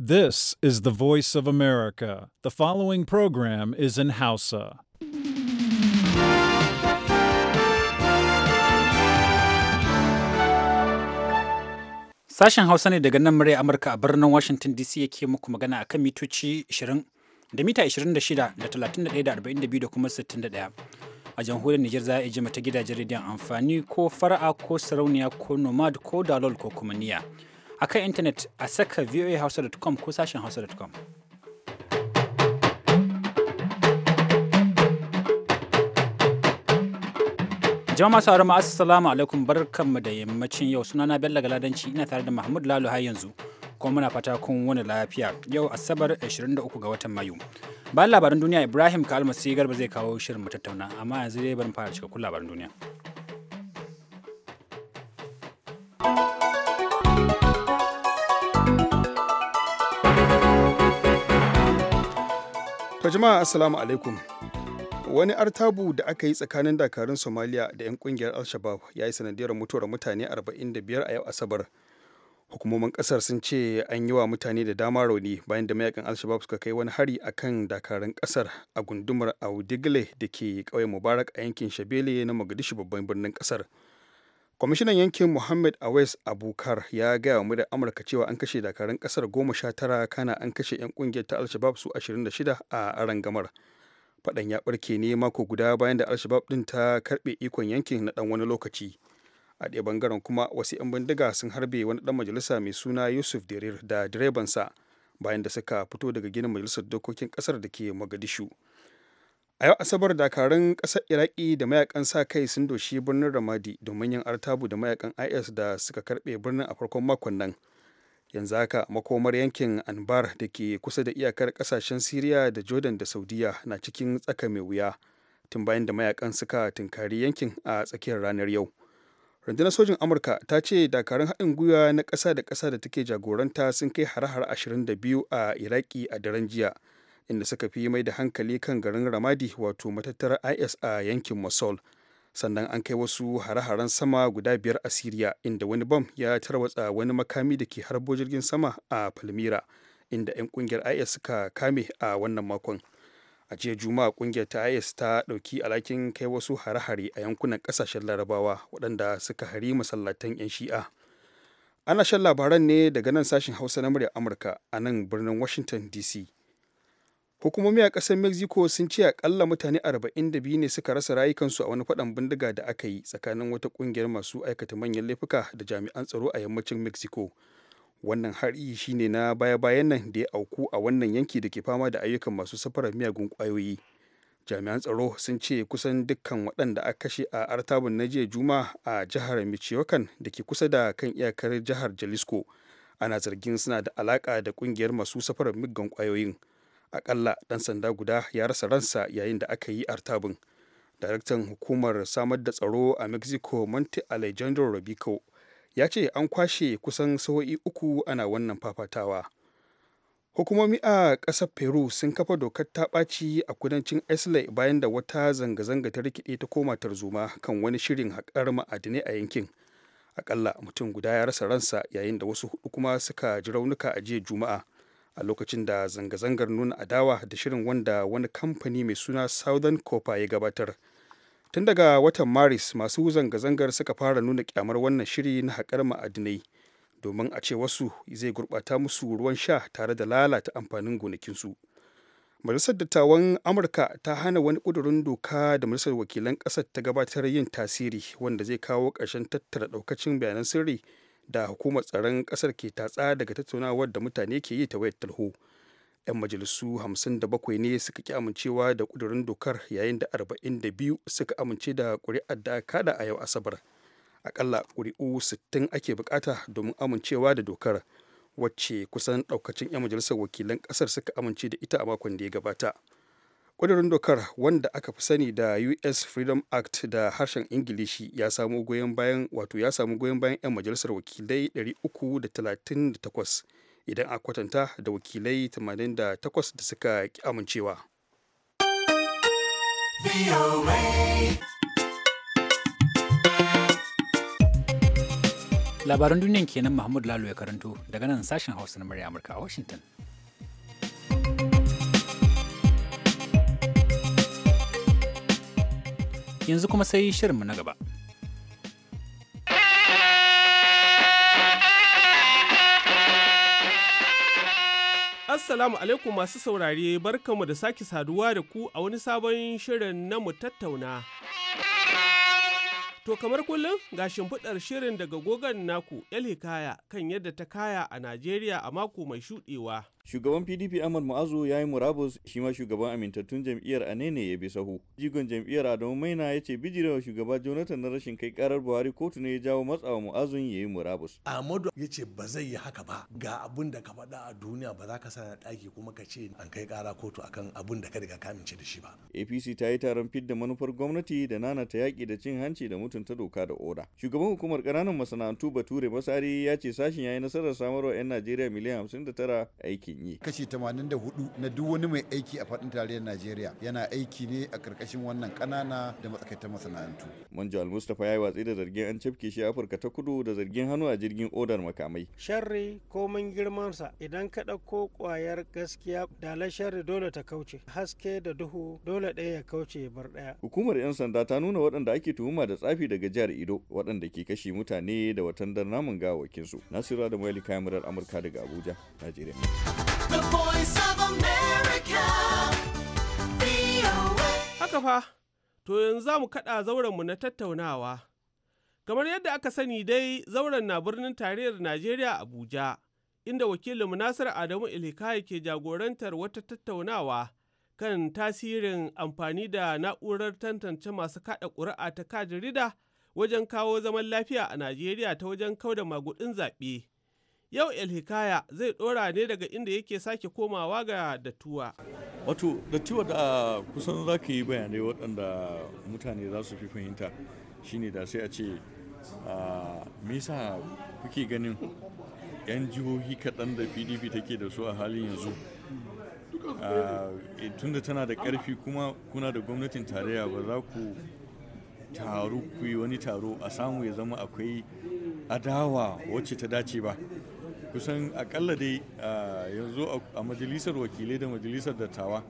This is the voice of America. The following program is in Hausa. Sashen Hausa ne daga nan murya Amurka a birnin Washington DC yake muku magana akan mitoci 20 da mita 26 da 31 da 42 da kuma 61. A jamhuriyar Nijar za a iya jima ta gidajen rediyon amfani ko fara'a ko sarauniya ko nomad ko dalol ko kuma niya. a kan intanet a saka voahausa.com ko sashen hausa.com. jama'a sauran masu assalamu alaikum barkanmu da yammacin yau sunana bello galadanci ina tare da mahmud lalu har yanzu kuma muna fata kun wani lafiya yau asabar 23 ga watan mayu bayan labaran duniya ibrahim kalmasi garba zai kawo shirin mu tattauna amma yanzu dai bari fara cikakkun labaran duniya jama'a assalamu alaikum. Wani artabu da aka yi tsakanin dakarun Somaliya da 'yan kungiyar al ya yi sanadiyar mutuwar mutane 45 a yau Asabar. Hukumomin kasar sun ce an yi wa mutane da dama rauni bayan da mayakan al suka kai wani hari kan dakarun kasar a gundumar Audigle da ke ƙauyen Mubarak a yankin Shabele na Mogadishu babban birnin kasar. kwamishinan yankin muhammad awais abukar ya gaya wa da amurka cewa an kashe dakarun kasar goma sha tara kana an kashe 'yan kungiyar ta alshabab su 26 a arangamar fadan ya barke ne mako guda bayan da alshabab din ta karbe ikon yankin na dan wani lokaci a ɗaya bangaren kuma wasu 'yan bindiga sun harbe wani dan majalisa mai suna yusuf derir da direbansa bayan da suka fito daga ginin majalisar dokokin kasar da ke mogadishu a yau asabar dakarun kasar iraki da mayakan sa kai sun doshi birnin ramadi domin yin artabu da mayakan is da suka karbe birnin a farkon makon nan yanzu haka makomar yankin anbar da ke kusa da iyakar kasashen siriya da jordan da saudiya na cikin tsaka mai wuya tun bayan da mayakan suka tunkari yankin a tsakiyar ranar yau rundunar sojin amurka ta ce dakarun haɗin gwiwa na ƙasa da ƙasa da take jagoranta sun kai har-har 22 a iraki a daren jiya inda suka fi mai da hankali kan garin ramadi wato matattarar is a yankin mosul sannan an kai wasu hare-haren sama guda biyar a siriya inda wani bam ya tarwatsa wani makami da ke harbo jirgin sama a palmira inda 'yan kungiyar is suka kame a wannan makon a jiya juma'a kungiyar ta is ta dauki alakin kai wasu hare-hare a yankunan kasashen larabawa waɗanda suka hari masallatan 'yan shi'a ana shan labaran ne daga nan sashen hausa na murya amurka a nan birnin washington dc hukumomi a ƙasar mexico sun ce akalla mutane 42 ne suka rasa rayukansu a wani faɗan bindiga da aka yi tsakanin wata ƙungiyar masu aikata manyan laifuka da jami'an tsaro a yammacin mexico wannan hari shine na baya-bayan nan da ya auku a wannan yanki da ke fama da ayyukan masu safarar miyagun kwayoyi jami'an tsaro sun ce kusan dukkan waɗanda aka kashe a artabun na jiya juma a jihar michoacan da ke kusa da kan iyakar jihar jalisco ana zargin suna da alaka da ƙungiyar masu safarar miggan kwayoyin. akalla ɗan sanda guda ya rasa ransa yayin da aka yi artabin daraktan hukumar samar da tsaro a mexico monte alejandro rubico ya ce an kwashe kusan saho'i uku ana wannan fafatawa hukumomi a ƙasar peru sun kafa dokar taɓaci a kudancin islay bayan da wata zanga-zanga ta rikide ta koma tarzoma kan wani shirin haƙar ma'adinai a yankin akalla mutum guda ya rasa ransa yayin da wasu hudu kuma suka ji raunuka a jiya juma'a a lokacin da zanga-zangar nuna adawa da shirin wanda wani kamfani mai suna southern copper ya gabatar tun daga watan maris masu zanga-zangar suka fara nuna kyamar wannan shiri na haƙar ma'adinai domin a ce wasu zai gurɓata musu ruwan sha tare da lalata amfanin gonakinsu majalisar dattawan amurka ta hana wani ƙudurin doka da majalisar wakilan ƙasar ta gabatar yin tasiri wanda zai kawo ƙarshen tattara ɗaukacin bayanan sirri da hukumar tsaron kasar ke tatsa daga tattaunawar da mutane ke yi ta wayar talho 'yan majalisu 57 ne suka ki amincewa da kudurin dokar yayin da 42 suka amince da kuri'ar da kada a yau asabar akalla kuri'u 60 ake bukata domin amincewa da dokar wacce kusan daukacin 'yan majalisar wakilan kasar suka amince da ita a makon da ya gabata ƙudurin dokar wanda aka fi sani da us freedom act da harshen ingilishi ya samu goyon bayan wato ya samu goyon bayan 'yan majalisar wakilai 338 idan a kwatanta da wakilai 88 da suka ki amincewa labaran duniyan kenan mahmud lalo ya karanto daga nan sashen hausa na murya amurka a washington yanzu kuma sai shirinmu na gaba. Assalamu alaikum masu saurare barkanmu da sake saduwa da ku a wani sabon shirin na mu tattauna. To kamar kullum ga shimfiɗar shirin daga gogon naku 'yar Hikaya kan yadda ta kaya a Najeriya a mako mai shuɗewa. Shugaban PDP Ahmad Mu'azu ya yi murabus shi ma shugaban amintattun jam'iyyar Anene ya bi sahu. Jigon jam'iyyar Adamu Maina ya ce bijirewa shugaba Jonathan na rashin kai karar Buhari kotu ne ya jawo matsawa Mu'azun ya yi murabus. Ahmadu ya ce ba zai yi haka ba ga abun da ka faɗa a duniya ba za ka sana ɗaki kuma ka ce an kai kara kotu akan abun da ka riga ka amince da shi ba. APC ta yi taron fidda manufar gwamnati da nana ta yaƙi da cin hanci da mutunta doka da oda. Shugaban hukumar ƙananan masana'antu Bature Masari ya ce sashin ya yi nasarar samarwa 'yan Najeriya miliyan 59 aiki. aikin yi kashi 84 na duk wani mai aiki a faɗin tarayyar najeriya yana aiki ne a ƙarƙashin wannan ƙanana da matsakaitar masana'antu manja almustapha ya yi watsi da zargin an cafke shi afirka ta kudu da zargin hannu a jirgin odar makamai sharri komin girmansa idan ka ɗauko ƙwayar gaskiya dalar sharri dole ta kauce haske da duhu dole ɗaya ya kauce ya bar ɗaya hukumar 'yan sanda ta nuna waɗanda ake tuhuma da tsafi daga jihar ido waɗanda ke kashe mutane da watan namun gawakinsu nasiru da maili kayan murar amurka daga abuja najeriya Haka fa, to yanzu za mu kaɗa zauren mu na tattaunawa. Kamar yadda aka sani dai zauren na birnin tarayyar Najeriya Abuja, inda wakilin Munasir Adamu ilhika ke jagorantar wata tattaunawa kan tasirin amfani da na'urar tantance masu kaɗa ƙuri'a ta kajirida wajen kawo zaman lafiya a Najeriya ta wajen da magudin zaɓe. Yau Elhikaya zai ɗora ne daga inda yake sake komawa ga datuwa. Wato, datuwa da kusan za ka yi bayanai waɗanda mutane za su fi fahimta shine da sai a ce, ah, Misa kuke ganin 'yan jihohi kaɗan da PDP take da su a halin yanzu. Ah, eh, tunda tana da ƙarfi kuma kuna da gwamnatin tarayya ba za ku taru ku yi wani taro a samu ya zama akwai adawa wacce ta dace ba kusan akalla dai yanzu a majalisar wakilai da majalisar dattawa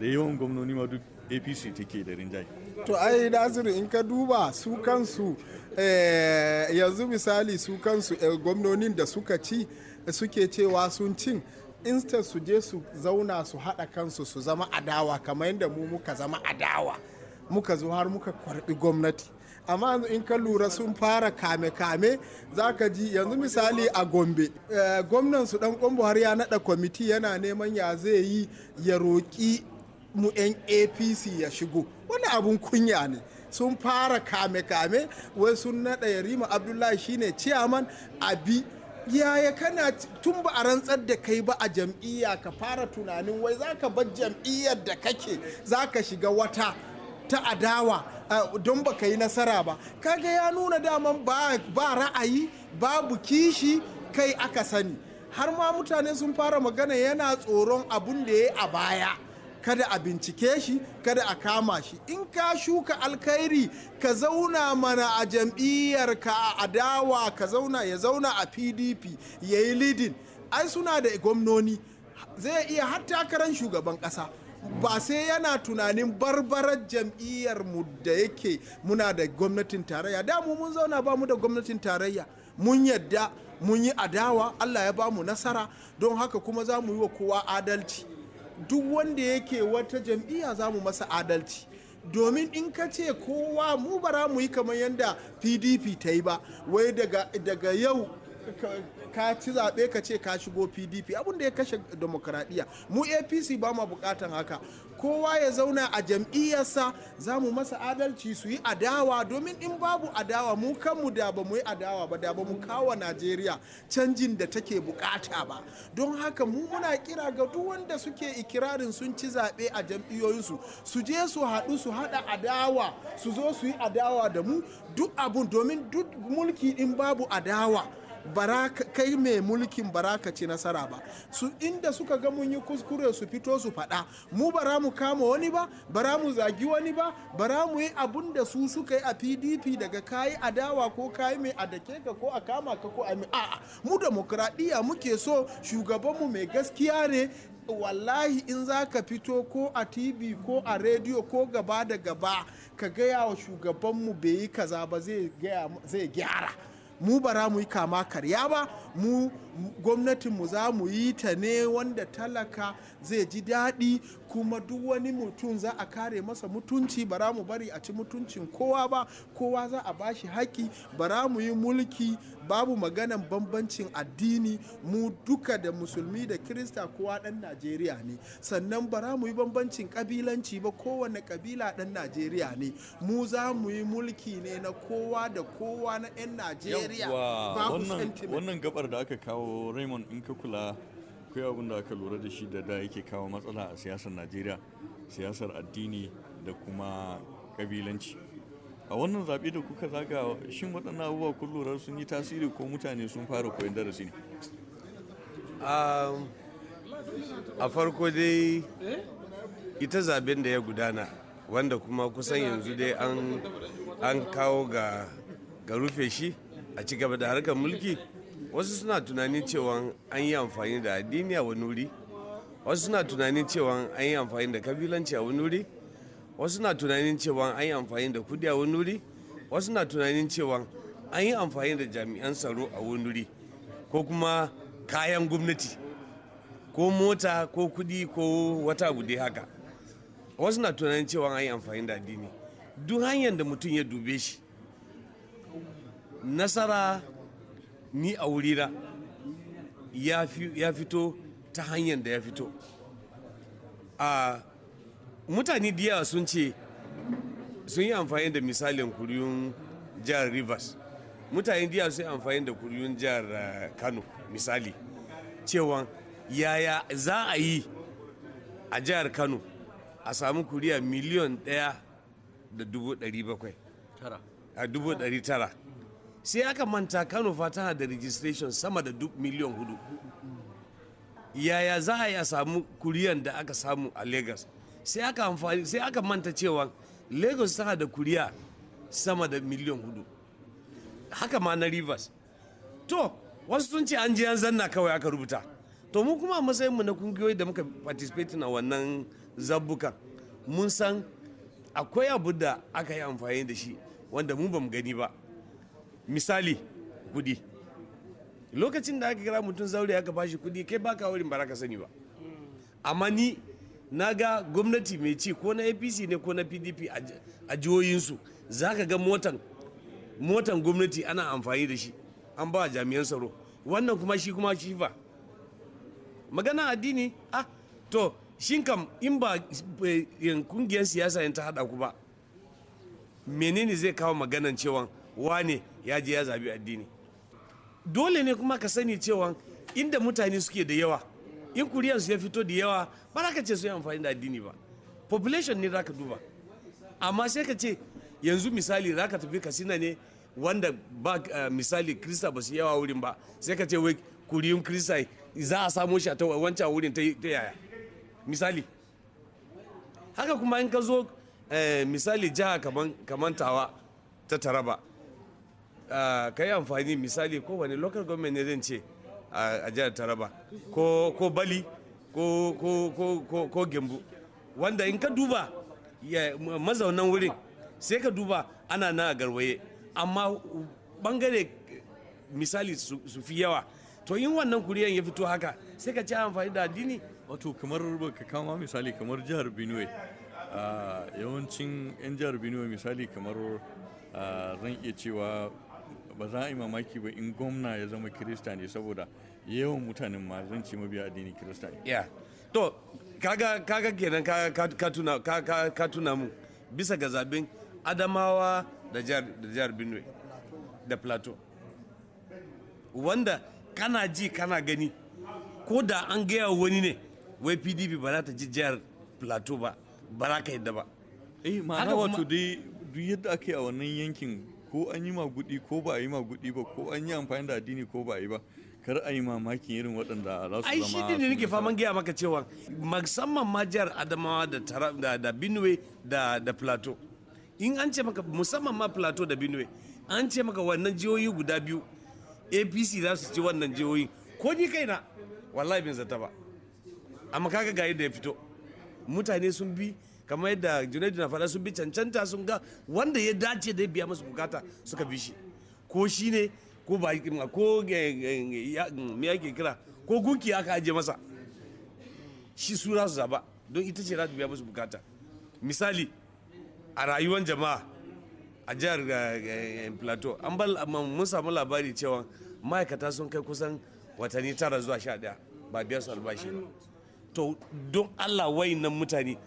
da yawan gwamnoni ma duk apc take da rinjaye to ai nasiru in ka duba su kansu eh, yanzu misali su kansu eh, gwamnonin da suka ci suke cewa sun cin instant su je su zauna su haɗa kansu su zama adawa kamar yadda mu muka zama adawa muka zo har muka kwarbi gwamnati amma in ka lura sun fara kame-kame za ka ji yanzu misali a gombe eh, gwamnan su dan kwan har ya nada kwamiti yana neman ya zai yi ya roƙi mu 'yan apc ya shigo wani abun kunya ne sun fara kame-kame wai sun nada yarima abdullahi shine ciyaman abi yaya kana tun ba a rantsar da kai ba a jam'iyya ka fara tunanin wai za ka bar jam'iyyar da kake za ka shiga wata ta adawa don baka yi nasara ba kaga ya nuna daman ba ra'ayi babu kishi kai aka sani har ma mutane sun fara magana yana tsoron abun da ya a baya kada a bincike shi kada a kama shi in ka shuka alkhairi ka zauna mana a jam'iyyar ka a adawa ka zauna ya zauna a pdp ya yi leading. ai suna da gwamnoni zai iya hatta karan shugaban ƙasa ba sai yana tunanin barbarar jam'iyyar mu da yake muna da gwamnatin tarayya da mu mun zauna ba mu da gwamnatin tarayya mun yadda mun yi adawa allah ya ba mu nasara don haka kuma za mu yi wa kowa adalci duk wanda yake wata jam'iyya za mu masa adalci domin in ka ce kowa mu bara mu yi kamar yadda pdp ta yi ba wai daga yau ka ci zaɓe ka ce ka shigo pdp abin da ya kashe demokaradiyya mu apc ba mu bukatan haka kowa ya zauna a jam'iyyarsa za mu masa adalci su yi adawa domin in babu adawa mu kanmu da ba mu yi adawa ba da ba mu kawo najeriya canjin da take buƙata ba don haka mu muna kira ga duk wanda suke ikirarin sun ci zaɓe a jam'iyyoyinsu su je su haɗu su haɗa adawa su zo su yi adawa da mu duk abun domin duk mulki in babu adawa kai mai mulkin baraka ci nasara ba su inda suka ga mun yi kuskure su fito su faɗa mu bara mu kama wani ba bara mu zagi wani ba bara mu yi abun da su suka yi a pdp daga kayi adawa ko kayi mai adake ka ko a kama ka ko a a'a mu demokradiyya muke so shugabanmu mai gaskiya ne wallahi in za ka fito ko a tv ko a rediyo ko gaba da gaba ka gaya wa shugabanmu bai yi kaza ba zai gyara mu ba mu yi kama karya ba mu gwamnatinmu za mu yi ta ne wanda talaka zai ji daɗi kuma duk wani mutum za a kare masa mutunci bara mu bari a ci mutuncin kowa ba kowa za a bashi haƙi bara mu yi mulki babu maganan bambancin addini mu duka da musulmi da kirista kowa ɗan najeriya ne sannan bara mu yi bambancin ƙabilanci ba kowane ƙabila ɗan najeriya ne mu za mu yi mulki ne na kowa da kowa na 'yan najeriya babu wannan gabar da aka kawo ko raymond in ka kula akwai abin da aka lura da shi da da yake kawo matsala a siyasar najeriya siyasar addini da kuma kabilanci a wannan zaɓe da kuka zaga shin waɗannan abubuwa kun lura sun yi tasiri ko mutane sun fara koyon darasi ne a farko dai ita zaben da ya gudana wanda kuma kusan yanzu dai an kawo ga rufe shi a ci gaba da harkar mulki wasu suna tunanin cewa an yi amfani da addini a wani wuri wasu suna tunanin cewa an yi amfani da kabilanci a wani wuri wasu na tunanin cewa an yi amfani da kudi a wani wuri wasu na tunanin cewa an yi amfani da jami'an tsaro a wani wuri ko kuma kayan gwamnati ko mota ko kudi ko wata gude haka wasu na tunanin cewa an yi amfani da addini duk hanyar da mutum ya dube shi nasara ni a wurina ya fito ta hanyar da ya fito a mutane da yawa sun ce sun yi amfani da misalin kuriyun jihar rivers mutane da yawa sun yi amfani da kuriyun jihar eh, kano misali cewa yaya za a yi a jihar kano a samu kuriya miliyan ɗaya da dubu ɗari bakwai a dubu ɗari tara sai aka manta kano fata da registration sama da duk miliyan hudu yaya za a yi a samu kuriyan da aka samu a lagos sai aka manta cewa lagos tana da kuriya sama da miliyan hudu haka ma na rivers to wasu sun ce an ji zanna kawai aka rubuta to mu kuma matsayin mu na kungiyoyi da muka participate na wannan zabbukan mun san akwai abu da aka yi amfani da shi wanda mu bamu gani ba misali kudi lokacin da aka kira mutum zaure aka bashi kudi kai baka wurin ba ka sani ba amma ni na ga gwamnati mai ci ko na apc ne ko na pdp a jihohinsu za ka ga motan motan gwamnati ana amfani da shi an ba jami'an tsaro wannan kuma shi kuma shi ba magana addini ah to shi kam in ba eh, kungiyar siyasa in ta hada ku ba menene zai kawo maganan cewa wane ya je ya zabi addini dole ne kuma ka sani cewa inda mutane suke da yawa in su ya fito da yawa ba za ka ce su yi amfani da addini ba population ne za ka duba amma sai ka ce yanzu misali za ka tafi kasina ne wanda ba uh, misali krista ba su yawa wurin ba sai ka ce wai kuriyun krista za a samo shi a wancan wurin ta yaya misali haka kuma in ka zo eh, misali jiha kaman, kaman tawa ta taraba ka yi amfani misali ko wani local government ne zan ce a jihar taraba ko bali ko gembu wanda in ka duba mazaunan wurin sai ka duba ana na a garwaye amma bangare misali su fi yawa to yin wannan kuriyan ya fito haka sai ka ci amfani da addini wato kamar ka kama misali kamar jihar benue yawancin 'yan jihar benue misali kamar ran iya cewa ba za a yi mamaki ba in gwamna ya zama kirista ne saboda yawan mutanen ma zan ce mabiya addinin kirista ne Ya, to kaga kaga kenan ka tuna ka mu bisa ga zaben adamawa da jihar benue da plateau wanda kana ji kana gani ko da an gaya wani ne wai pdp ba za ta ji jihar plateau ba ba za ka yadda ba eh ma'ana wato dai duk yadda ake a wannan yankin ko an yi magudi ko ba a yi magudi ba ko an yi amfani da addini ko ba a yi ba kar a yi mamakin irin waɗanda za su zama ai shi ne nake faman gaya maka cewa musamman ma jihar adamawa da da da benue in an ce maka musamman ma plateau da binuwe an ce maka wannan jihohi guda biyu apc za su ci wannan jihohi ko ni kaina wallahi bin zata ba amma kaga ga yadda ya fito mutane sun bi kamar yadda junaidu na faɗa sun bi cancanta sun ga wanda ya dace da ya biya musu bukata suka bi shi ko shi ne ko ba ko eh, eh, me yake kira ko gunki aka aje masa shi su za su zaba don ita ce za ta biya musu bukata misali a rayuwar jama'a a jihar eh, plateau an bal mun samu labari cewa ma'aikata sun kai kusan watanni tara zuwa sha daya ba biya su albashi ba to don allah wayin nan mutane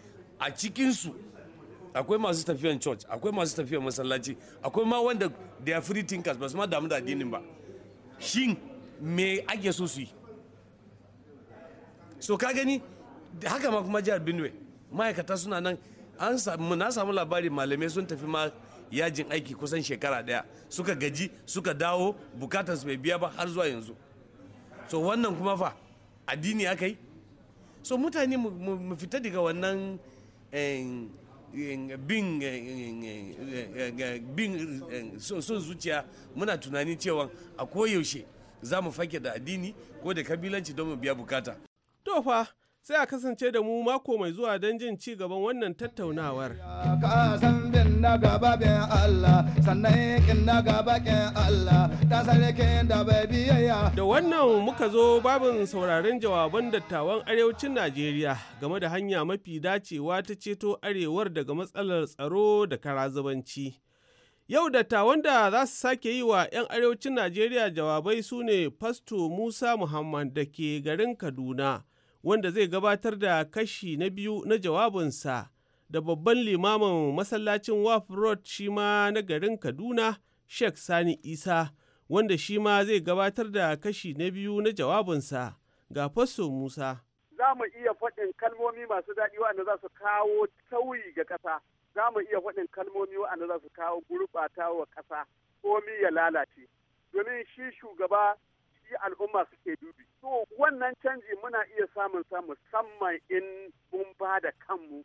a cikinsu akwai masu tafiyan church akwai masu tafiyan masallaci akwai ma wanda they are free thinkers ba su ma damu da addinin ba shin me ake so su yi so ka gani haka ma kuma jihar benue ma'aikata suna nan an samu na samu labari malamai sun tafi ma yajin aiki kusan shekara daya suka gaji suka dawo su bai biya ba har zuwa yanzu so wannan kuma fa addini aka yi so mutane mu fita daga wannan en bin bin son zuciya muna tunanin cewa a koyaushe za mu fake da addini ko da kabilanci don mu biya bukata. To fa sai a kasance da mu mako mai zuwa don jin ci gaban wannan tattaunawar. Da wannan muka zo babin sauraron jawaban dattawan arewacin Najeriya game da hanya mafi dacewa ta ceto arewar daga matsalar tsaro da karazabanci. Yau dattawan da za su sake yi wa 'yan arewacin Najeriya jawabai su ne Fasto Musa Muhammad da ke garin Kaduna. wanda zai gabatar da kashi na biyu na jawabinsa da babban limamin masallacin waf road shi ma na garin kaduna sheikh sani isa wanda shi ma zai gabatar da kashi na biyu na jawabinsa ga faso musa za mu iya faɗin kalmomi masu daɗi wanda za su kawo tauyi ga ƙasa za mu iya faɗin kalmomi wanda za su kawo gurɓata wa ƙasa komi ya lalace domin shi shugaba shi al'umma suke dubi. To wannan canji muna iya samun sa musamman in mun ba da kanmu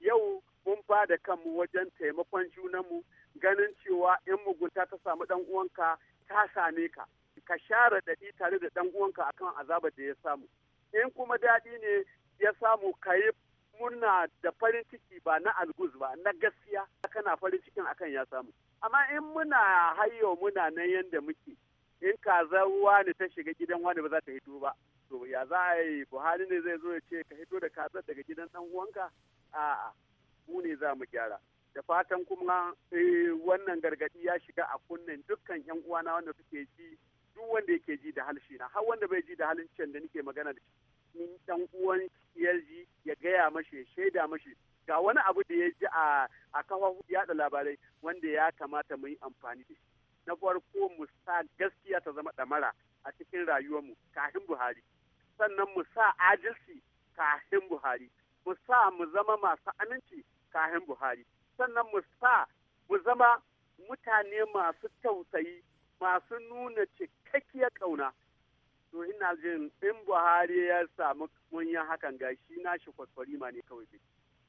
yau mun ba da kanmu wajen taimakon junanmu ganin cewa in mugunta ta samu dan uwanka ta same ka ka share daɗi tare da dan uwanka akan azaba da ya samu in kuma daɗi ne ya samu ka yi da farin ciki ba na alguz ba na gaskiya kana farin cikin akan ya samu amma in muna hayo muna nan yadda muke in kaza wani ta shiga gidan wani ba za ta hito ba to ya za a yi buhari ne zai zo ya ce ka hito da kaza daga gidan dan uwanka a'a mu ne za mu gyara da fatan kuma eh, wannan gargadi ya shiga a kunnen dukkan yan uwana wanda suke ji duk wanda yake ji da halshi na har wanda bai ji da halin can da nake magana da shi in dan uwan ji ya gaya mashi ya shaida mashi ga wani abu da ya ji a kafafu yada labarai wanda ya kamata mu yi amfani da shi na farko mu sa gaskiya ta zama ɗamara a cikin rayuwar rayuwarmu kafin buhari sannan mu sa adalci kafin buhari mu sa mu zama masu aminci kafin buhari sannan mu sa mu zama mutane masu tausayi masu nuna cikakkiyar ƙauna to ina jin in buhari ya samu munyan hakan ga shi na shi kwakwari ma ne kawai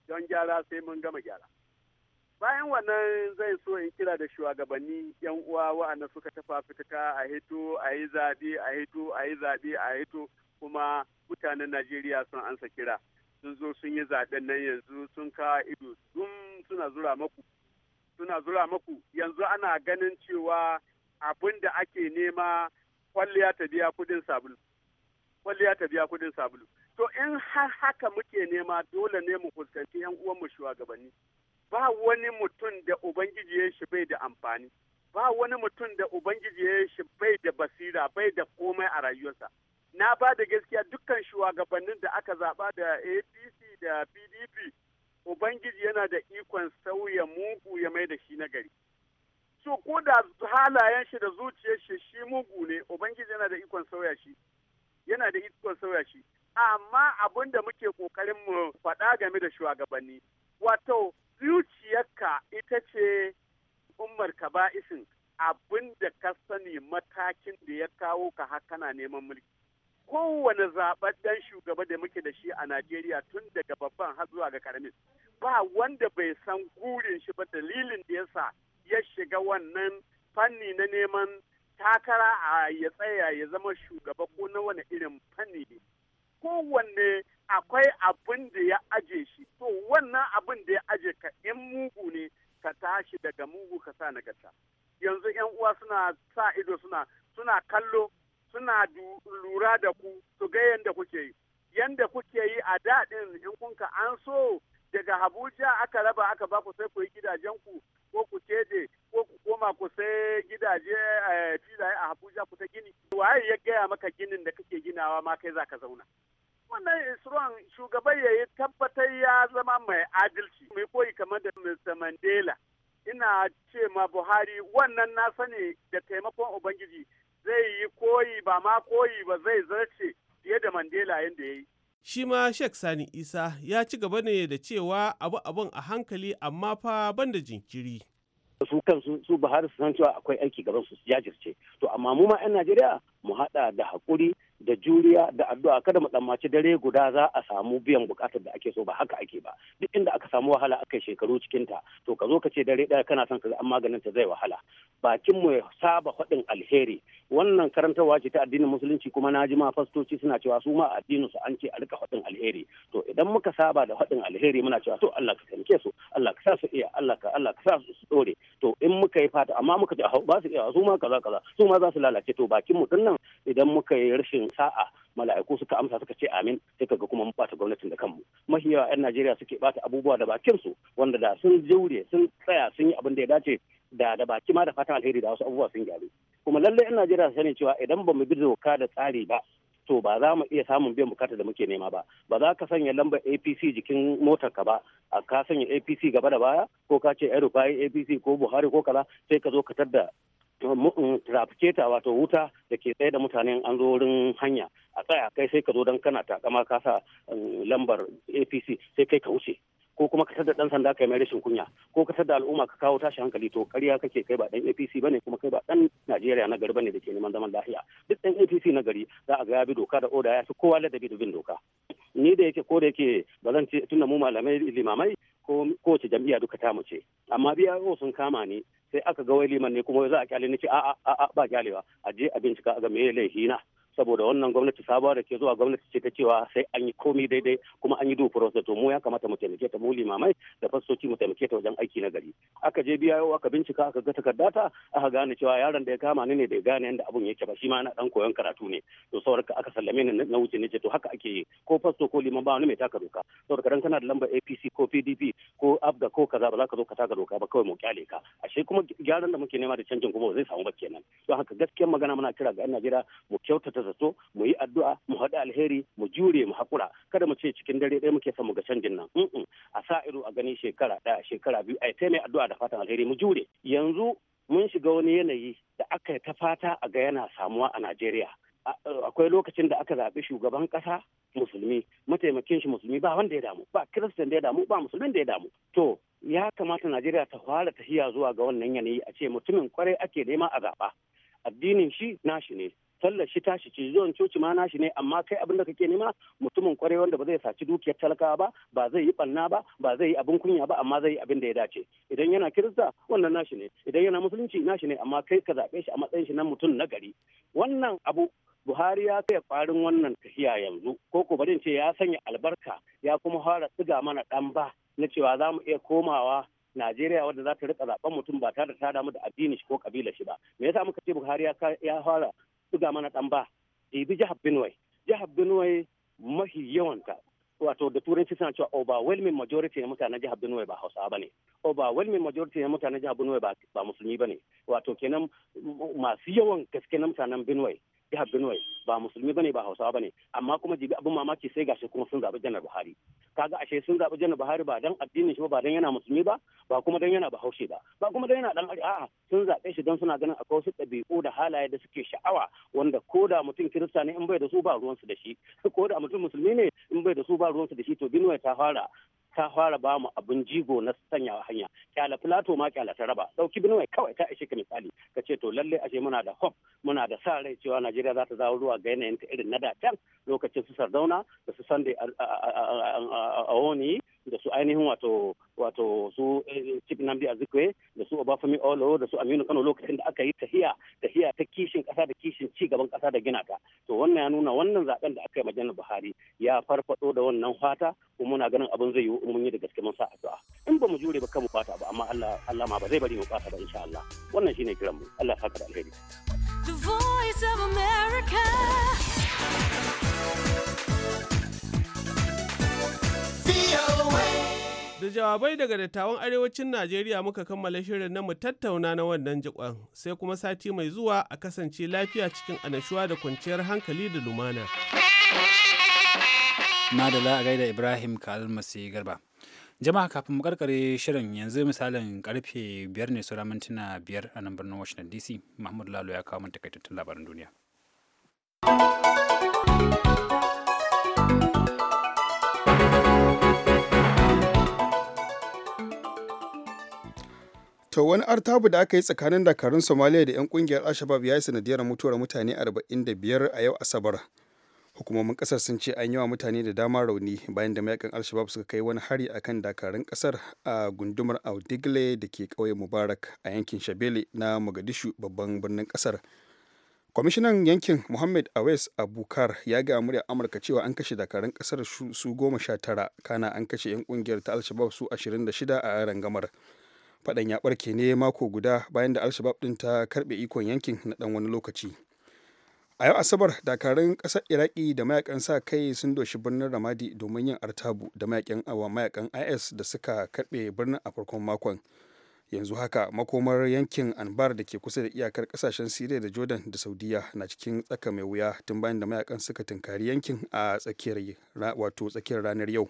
don gyara sai mun gama gyara bayan wannan zai so in kira da shugabanni yan uwa wa'anda suka tafa fitaka a hito a yi zaɓe a hito a yi zaɓe a hito kuma mutanen najeriya sun ansa kira sun zo sun yi zaɓen nan yanzu sun ka ido sun suna zura maku suna zura maku yanzu ana ganin cewa abin da ake nema kwalliya ta biya kudin sabulu kwalliya ta biya kudin sabulu to in har haka muke nema dole ne mu fuskanci yan uwan mu shugabanni ba wani mutum da ubangiji ya shi bai da amfani ba wani mutum da ubangiji ya shi bai da basira bai da komai a rayuwarsa na ba da gaskiya dukkan shugabannin da aka zaɓa da apc da pdp ubangiji yana da ikon sauya mugu ya mai da shi nagari so ko da halayen shi da zuciyar shi shi mugu ne ubangiji yana da ikon sauya shi yana da ikon sauya shi amma abin da muke kokarin mu faɗa game da shugabanni wato zuciyarka ita ce umar ka ba abin da ka sani matakin da ya kawo ka hakana neman mulki kowane zaɓaɗɗen shugaba da muke da shi a najeriya tun daga babban har zuwa ga karamin ba wanda bai san gurin shi ba dalilin da ya sa ya shiga wannan fanni na neman takara a ya tsaya ya zama shugaba ko na wani irin fanni ne kowanne akwai abin da ya aje shi to wannan abin da ya aje ka in mugu ne ka tashi daga mugu ka sa nagarta yanzu yan uwa suna sa ido suna suna kallo suna lura da ku su ga yanda kuke yi yadda kuke yi a daɗin in ka an so daga habuja aka raba aka ba ku sai ku yi gidajen ku ko ku cede ko ku koma ku sai gidaje eh, filaye a habuja ku ta gini waye ya gaya maka ginin da kake ginawa ma kai za ka zauna wannan isruwan shugaban ya yi tabbatar ya zama mai adalci mai koyi kamar da mr mandela ina ce ma buhari wannan na sani da taimakon ubangiji zai yi koyi ba ma koyi ba zai zarce fiye da mandela yadda ya yi shi ma Sheikh Sani Isa ya ci gaba ne da cewa abu abun a hankali amma fa ban da jinkiri. Su kansu su Buhari su san cewa akwai aiki gaban su jajirce. To amma mu ma 'yan Najeriya mu haɗa da haƙuri da juriya da addu'a kada mu tsammaci dare guda za a samu biyan bukatar da ake so ba haka ake ba duk inda aka samu wahala aka shekaru cikin ta to ka zo ka ce dare daya kana son ka ga an maganin ta zai wahala bakin mu saba faɗin alheri wannan karantarwa ce ta addinin musulunci kuma na ji ma fastoci suna cewa su ma addinin su an ce a rika faɗin alheri to idan muka saba da faɗin alheri muna cewa to Allah ka taimake su Allah ka sa su iya Allah ka Allah ka sa su su dore to in muka yi fata amma muka ce ba su iya su ma kaza kaza su ma za su lalace to bakin mu dinnan idan muka yi rashin sa'a mala'iku suka amsa suka ce amin sai kaga kuma mun bata gwamnatin da kanmu mahiyawa 'yan Najeriya suke bata abubuwa da bakin su wanda da sun jure sun tsaya sun yi abin da ya dace da da baki ma da fatan alheri da wasu abubuwa sun gyaru kuma lallai 'yan Najeriya su sani cewa idan ba mu bi doka da tsari ba to ba za mu iya samun biyan bukatar da muke nema ba ba za ka sanya lambar apc jikin motar ka ba a ka sanya apc gaba da baya ko ka ce yaro bayan apc ko buhari ko kaza sai ka zo ka tadda rafike wato wuta da ke tsaye da mutane an zo wurin hanya a tsaya kai sai ka zo don kana takama ka sa um, lambar apc sai kai ka wuce ko kuma ka da dan sanda kai mai rashin kunya ko ka da al'umma ka kawo tashi hankali to kariya kake kai ba dan APC bane kuma kai ba dan Najeriya na gari bane da ke neman zaman lafiya duk dan APC na gari za a ga ya bi doka da oda ya fi kowa ladabi da bin doka ni da yake ko da yake ba zan ce tunda mu malamai limamai ko kowace jam'iyya duka ta mace amma BIO sun kama ni sai aka ga wai liman ne kuma za a kyale ni ce a'a a ba kyalewa a je a bincika a ga me laifi na saboda wannan gwamnati sabuwa da ke zuwa gwamnati ce ta cewa sai an yi komi daidai kuma an yi duk furosa to mu ya kamata mu taimake ta mu limamai da fastoci mu taimake ta wajen aiki na gari aka je biya yau aka bincika aka ga takarda ta aka gane cewa yaron da ya kama ni ne bai gane yadda abun yake ba shi ma yana dan koyon karatu ne to saboda aka sallame ni na wuce ne ce to haka ake yi ko fasto ko liman ba wani mai taka doka saboda dan kana da lambar APC ko PDP ko abga ko kaza ba za ka zo ka taka doka ba kawai mu kyale ka ashe kuma gyaran da muke nema da canjin kuma zai samu ba kenan to haka gaskiyar magana muna kira ga 'yan Najeriya mu kyautata zato mu yi addu'a mu haɗu alheri mu jure mu haƙura kada mu ce cikin dare ɗaya muke son mu ga canjin nan a sa ido a gani shekara ɗaya shekara biyu a ta mai addu'a da fatan alheri mu jure yanzu mun shiga wani yanayi da aka ta fata a ga yana samuwa a Najeriya akwai lokacin da aka zaɓi shugaban ƙasa musulmi mataimakin shi musulmi ba wanda ya damu ba kiristan da ya damu ba musulmin da ya damu to ya kamata najeriya ta fara tafiya zuwa ga wannan yanayi a ce mutumin kwarai ake nema a zaɓa addinin shi nashi ne tallashi shi tashi ci zuwan coci ma nashi ne amma kai abin da kake nema mutumin kwarai wanda ba zai saci dukiyar talakawa ba ba zai yi banna ba ba zai yi abin kunya ba amma zai yi abin da ya dace idan yana kirista wannan nashi ne idan yana musulunci nashi ne amma kai ka zaɓe shi a matsayin shi na mutum na gari wannan abu Buhari ya kai kwarin wannan tafiya yanzu ko ko barin ce ya sanya albarka ya kuma fara tsiga mana dan ba na cewa za mu iya komawa Najeriya wadda za ta rika zaben mutum ba tare da ta damu da addini shi ko kabila shi ba. Me yasa muka ce Buhari ya fara buga mana ɗan ba jibi jihar benue jihar benue mahi yawanta wato da turanci suna cewa overwhelming majority na mutanen jihar benue ba Hausa ba ne overwhelming majority na mutanen jihar benue ba musulmi ba ne wato kenan masu yawan gaske na mutanen benue jihar Benue ba musulmi bane ba Hausawa bane amma kuma jibi abin mamaki sai gashi kuma sun zabi janar Buhari kaga ashe sun zabi janar Buhari ba dan addinin shi ba dan yana musulmi ba ba kuma dan yana Bahaushe ba ba kuma dan yana dan a'a sun zaɓe shi dan suna ganin akwai wasu ɗabi'u da halaye da suke sha'awa wanda ko da mutum Kirista ne in bai da su ba ruwan su da shi ko da mutum musulmi ne in bai da su ba ruwan su da shi to Benue ta fara ta fara ba mu abin jigo na sanya hanya kyala filato ma kyala ta raba dauki mai kawai ta ishe ka misali ka ce to lalle ashe muna da hope muna da sa rai cewa najeriya za ta zawo ruwa ga yanayin ta irin na da can lokacin su sardauna da su sande a wani da su ainihin wato wato su eh, Chief nambi Azikwe da su Obafemi Olo da su Aminu Kano lokacin da aka yi tahiya tahiya ta kishin kasa da kishin ci gaban kasa da gina ta to wannan ya nuna wannan zaben da aka yi majalar Buhari ya farfado da wannan fata kuma muna ganin abin zai yi mun yi da gaske mun sa addu'a in ba mu jure ba kan mu fata ba amma Allah Allah ma ba zai bari mu fata ba insha Allah wannan shine kiran mu Allah saka da alheri voice of America Da jawabai daga dattawan arewacin Najeriya muka kammala shirin na mu tattauna na wannan jikon sai kuma sati mai zuwa a kasance lafiya cikin anashuwa da kwanciyar hankali da lumana. Madala a gaida Ibrahim Kalmasi Garba. Jama'a kafin mu karkare shirin yanzu misalin karfe biyar ne sura mintuna biyar a nan birnin Washington DC. Mahmud Lalo ya kawo mun takaitattun labaran duniya. To wani artabu da aka yi tsakanin dakarun Somalia da 'yan kungiyar Alshabab ya yi sanadiyar mutuwar mutane 45 a yau Asabar. Hukumomin kasar sun ce an yi wa mutane da dama rauni bayan da mayakan Alshabab suka kai wani hari akan dakarun kasar a gundumar Audigle da ke ƙauyen Mubarak a yankin Shabele na Mogadishu babban birnin kasar. Kwamishinan yankin Muhammad Awes Abukar ya ga murya Amurka cewa an kashe dakarun kasar su goma sha tara kana an kashe 'yan kungiyar ta Alshabab su 26 a rangamar. gamar. faɗan ya ɓarke ne mako guda bayan da alshabab ɗin ta karbe ikon yankin na ɗan wani lokaci a yau asabar dakarun ƙasar iraki da mayakan sa kai sun doshi birnin ramadi domin yin artabu da mayakan awa mayakan is da suka karbe birnin a farkon makon yanzu haka makomar yankin anbar da ke kusa da iyakar kasashen siriya da jordan da saudiya na cikin tsaka mai wuya tun bayan da mayakan suka tunkari yankin a tsakiyar ranar yau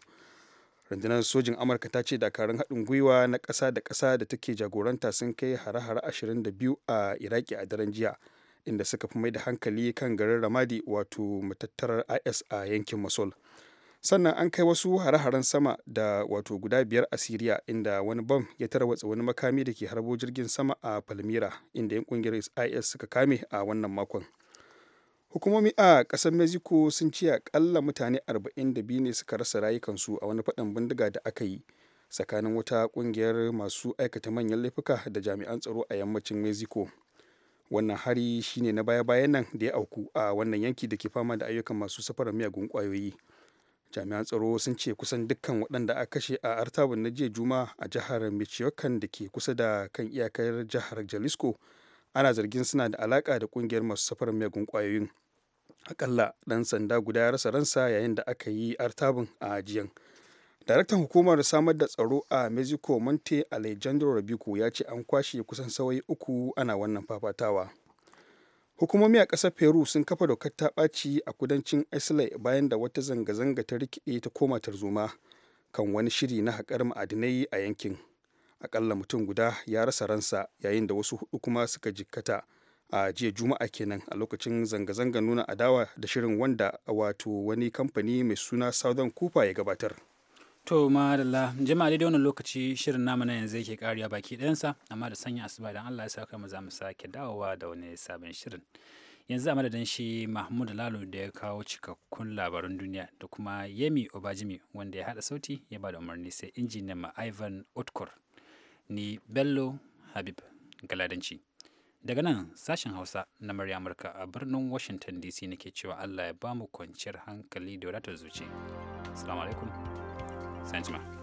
rundunar sojin amurka ta ce dakarun haɗin gwiwa na ƙasa da ƙasa da take jagoranta sun kai hare-hare 22 a iraki a daren jiya inda suka fi mai da hankali kan garin ramadi wato matattarar is a yankin mosul sannan an kai wasu hare-haren sama da wato guda biyar a siriya inda wani bam ya tarwatsa wani makami da ke harbo jirgin sama a palmira inda yan kungiyar is suka kame a wannan makon hukumomi a ƙasar mexico sun ce akalla mutane 42 ne suka rasa rayukansu a wani faɗan bindiga da aka yi tsakanin wata ƙungiyar masu aikata manyan laifuka da jami'an tsaro a yammacin mexico wannan hari shine na baya-bayan nan da ya auku a wannan yanki da ke fama da ayyukan masu safarar miyagun kwayoyi jami'an tsaro sun ce kusan dukkan waɗanda a kashe a artabun na jiya juma a jihar michoacan da ke kusa da kan iyakar jihar jalisco ana zargin suna da alaka da kungiyar masu safarar miyagun kwayoyin akalla ɗan sanda guda ya rasa ransa yayin da aka yi artabin a ajiyan. daraktan hukumar samar da tsaro a mexico monte alejandro rabiko ya ce an kwashe kusan sawai uku ana wannan fafatawa hukumomi a ƙasar peru sun kafa dokar ta ɓaci a kudancin isla bayan da wata zanga-zanga ta rikide ta koma tarzoma kan wani shiri na haƙar ma'adinai a yankin aƙalla mutum guda ya rasa ransa yayin da wasu hudu kuma suka jikkata a jiya juma'a kenan a lokacin zanga zanga nuna adawa da shirin wanda wato wani kamfani mai suna southern cooper ya gabatar to madalla jama'a daidai wannan lokaci shirin namu na yanzu yake kariya baki ɗayansa amma da sanya asuba da allah ya sa mu za mu sake dawowa da wani sabon shirin yanzu a madadin shi mahmud lalo da ya kawo cikakkun labarun duniya da kuma yemi obajimi wanda ya haɗa sauti ya ba da umarni sai injiniyan ma ivan otkur ni bello habib galadanci Daga nan sashen Hausa na murya Amurka a birnin Washington DC nake cewa Allah ya ba mu kwanciyar hankali da wadatar zuci. Assalamu alaikum. Sanjima.